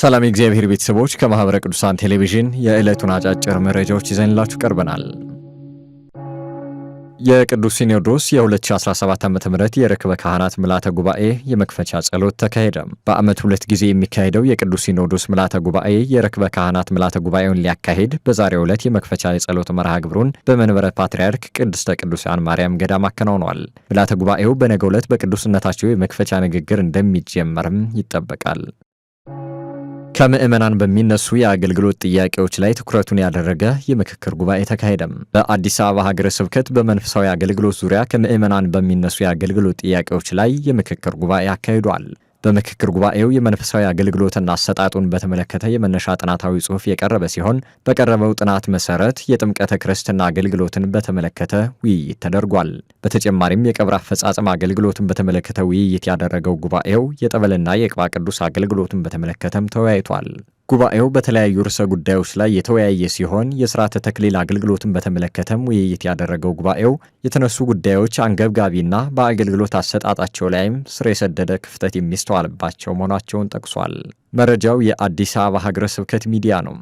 ሰላም የእግዚአብሔር ቤተሰቦች ከማኅበረ ቅዱሳን ቴሌቪዥን የዕለቱን አጫጭር መረጃዎች ይዘንላችሁ ቀርበናል። የቅዱስ ሲኖዶስ የ2017 ዓ ም የርክበ ካህናት ምልዓተ ጉባኤ የመክፈቻ ጸሎት ተካሄደ። በዓመት ሁለት ጊዜ የሚካሄደው የቅዱስ ሲኖዶስ ምልዓተ ጉባኤ የርክበ ካህናት ምልዓተ ጉባኤውን ሊያካሂድ በዛሬው ዕለት የመክፈቻ የጸሎት መርሃ ግብሩን በመንበረ ፓትርያርክ ቅድስተ ቅዱሳን ማርያም ገዳም አከናውኗል። ምልዓተ ጉባኤው በነገው ዕለት በቅዱስነታቸው የመክፈቻ ንግግር እንደሚጀመርም ይጠበቃል። ከምዕመናን በሚነሱ የአገልግሎት ጥያቄዎች ላይ ትኩረቱን ያደረገ የምክክር ጉባኤ ተካሄደም። በአዲስ አበባ ሀገረ ስብከት በመንፈሳዊ አገልግሎት ዙሪያ ከምዕመናን በሚነሱ የአገልግሎት ጥያቄዎች ላይ የምክክር ጉባኤ አካሂዷል። በምክክር ጉባኤው የመንፈሳዊ አገልግሎትና አሰጣጡን በተመለከተ የመነሻ ጥናታዊ ጽሑፍ የቀረበ ሲሆን በቀረበው ጥናት መሰረት የጥምቀተ ክርስትና አገልግሎትን በተመለከተ ውይይት ተደርጓል። በተጨማሪም የቀብር አፈጻጸም አገልግሎትን በተመለከተ ውይይት ያደረገው ጉባኤው የጠበልና የቅባ ቅዱስ አገልግሎትን በተመለከተም ተወያይቷል። ጉባኤው በተለያዩ ርዕሰ ጉዳዮች ላይ የተወያየ ሲሆን የስርዓተ ተክሊል አገልግሎትን በተመለከተም ውይይት ያደረገው ጉባኤው የተነሱ ጉዳዮች አንገብጋቢና በአገልግሎት አሰጣጣቸው ላይም ስር የሰደደ ክፍተት የሚስተዋልባቸው መሆናቸውን ጠቅሷል። መረጃው የአዲስ አበባ ሀገረ ስብከት ሚዲያ ነው።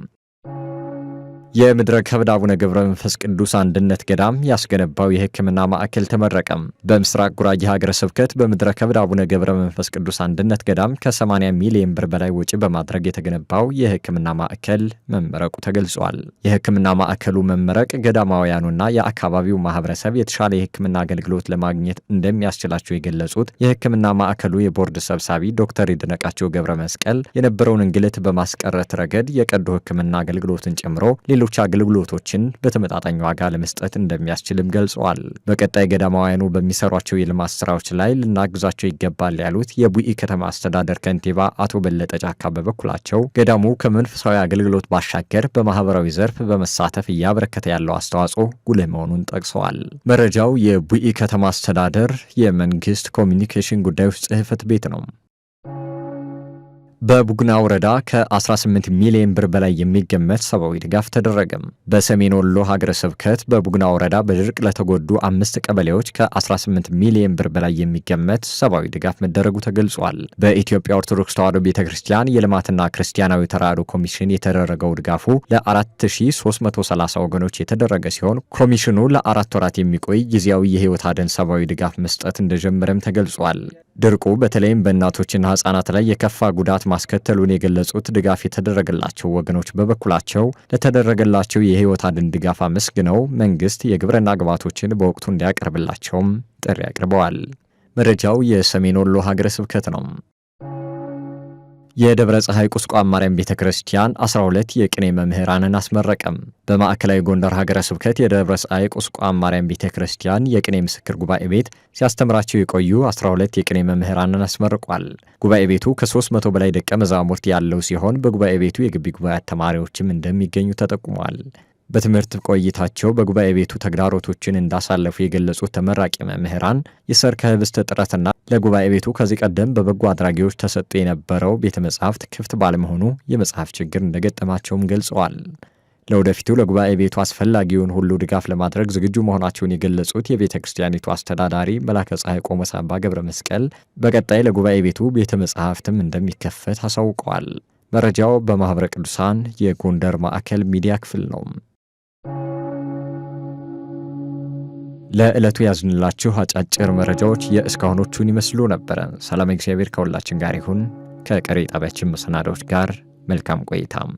የምድረ ከብድ አቡነ ገብረ መንፈስ ቅዱስ አንድነት ገዳም ያስገነባው የሕክምና ማዕከል ተመረቀም። በምስራቅ ጉራጌ ሀገረ ስብከት በምድረ ከብድ አቡነ ገብረ መንፈስ ቅዱስ አንድነት ገዳም ከ80 ሚሊዮን ብር በላይ ወጪ በማድረግ የተገነባው የሕክምና ማዕከል መመረቁ ተገልጿል። የሕክምና ማዕከሉ መመረቅ ገዳማውያኑና የአካባቢው ማህበረሰብ የተሻለ የሕክምና አገልግሎት ለማግኘት እንደሚያስችላቸው የገለጹት የሕክምና ማዕከሉ የቦርድ ሰብሳቢ ዶክተር ይድነቃቸው ገብረ መስቀል የነበረውን እንግልት በማስቀረት ረገድ የቀዶ ሕክምና አገልግሎትን ጨምሮ ሌሎች አገልግሎቶችን በተመጣጣኝ ዋጋ ለመስጠት እንደሚያስችልም ገልጸዋል። በቀጣይ ገዳማውያኑ በሚሰሯቸው የልማት ስራዎች ላይ ልናግዛቸው ይገባል ያሉት የቡኢ ከተማ አስተዳደር ከንቲባ አቶ በለጠ ጫካ በበኩላቸው ገዳሙ ከመንፈሳዊ አገልግሎት ባሻገር በማህበራዊ ዘርፍ በመሳተፍ እያበረከተ ያለው አስተዋጽኦ ጉልህ መሆኑን ጠቅሰዋል። መረጃው የቡኢ ከተማ አስተዳደር የመንግስት ኮሚኒኬሽን ጉዳዮች ጽህፈት ቤት ነው። በቡግና ወረዳ ከ18 ሚሊዮን ብር በላይ የሚገመት ሰብአዊ ድጋፍ ተደረገም። በሰሜን ወሎ ሀገረ ስብከት በቡግና ወረዳ በድርቅ ለተጎዱ አምስት ቀበሌዎች ከ18 ሚሊዮን ብር በላይ የሚገመት ሰብአዊ ድጋፍ መደረጉ ተገልጿል። በኢትዮጵያ ኦርቶዶክስ ተዋሕዶ ቤተ ክርስቲያን የልማትና ክርስቲያናዊ ተራድኦ ኮሚሽን የተደረገው ድጋፉ ለ4330 ወገኖች የተደረገ ሲሆን ኮሚሽኑ ለአራት ወራት የሚቆይ ጊዜያዊ የህይወት አደን ሰብአዊ ድጋፍ መስጠት እንደጀመረም ተገልጿል። ድርቁ በተለይም በእናቶችና ህጻናት ላይ የከፋ ጉዳት ማስከተሉን የገለጹት ድጋፍ የተደረገላቸው ወገኖች በበኩላቸው ለተደረገላቸው የህይወት አድን ድጋፍ አመስግነው መንግስት የግብርና ግብዓቶችን በወቅቱ እንዲያቀርብላቸውም ጥሪ አቅርበዋል። መረጃው የሰሜን ወሎ ሀገረ ስብከት ነው። የደብረ ፀሐይ ቁስቋም ማርያም ቤተ ክርስቲያን 12 የቅኔ መምህራንን አስመረቀም። በማዕከላዊ ጎንደር ሀገረ ስብከት የደብረ ፀሐይ ቁስቋም ማርያም ቤተ ክርስቲያን የቅኔ ምስክር ጉባኤ ቤት ሲያስተምራቸው የቆዩ 12 የቅኔ መምህራንን አስመርቋል። ጉባኤ ቤቱ ከ300 በላይ ደቀ መዛሙርት ያለው ሲሆን በጉባኤ ቤቱ የግቢ ጉባኤ ተማሪዎችም እንደሚገኙ ተጠቁሟል። በትምህርት ቆይታቸው በጉባኤ ቤቱ ተግዳሮቶችን እንዳሳለፉ የገለጹት ተመራቂ መምህራን የሰርከ ህብስት እጥረትና ለጉባኤ ቤቱ ከዚህ ቀደም በበጎ አድራጊዎች ተሰጥቶ የነበረው ቤተ መጻሕፍት ክፍት ባለመሆኑ የመጽሐፍ ችግር እንደገጠማቸውም ገልጸዋል። ለወደፊቱ ለጉባኤ ቤቱ አስፈላጊውን ሁሉ ድጋፍ ለማድረግ ዝግጁ መሆናቸውን የገለጹት የቤተ ክርስቲያኒቱ አስተዳዳሪ መላከ ፀሐይ ቆሞስ አባ ገብረ መስቀል በቀጣይ ለጉባኤ ቤቱ ቤተ መጻሕፍትም እንደሚከፈት አሳውቀዋል። መረጃው በማኅበረ ቅዱሳን የጎንደር ማዕከል ሚዲያ ክፍል ነው። ለዕለቱ ያዝንላችሁ አጫጭር መረጃዎች የእስካሁኖቹን ይመስሉ ነበረ። ሰላም እግዚአብሔር ከሁላችን ጋር ይሁን። ከቀሪ ጣቢያችን መሰናዶዎች ጋር መልካም ቆይታም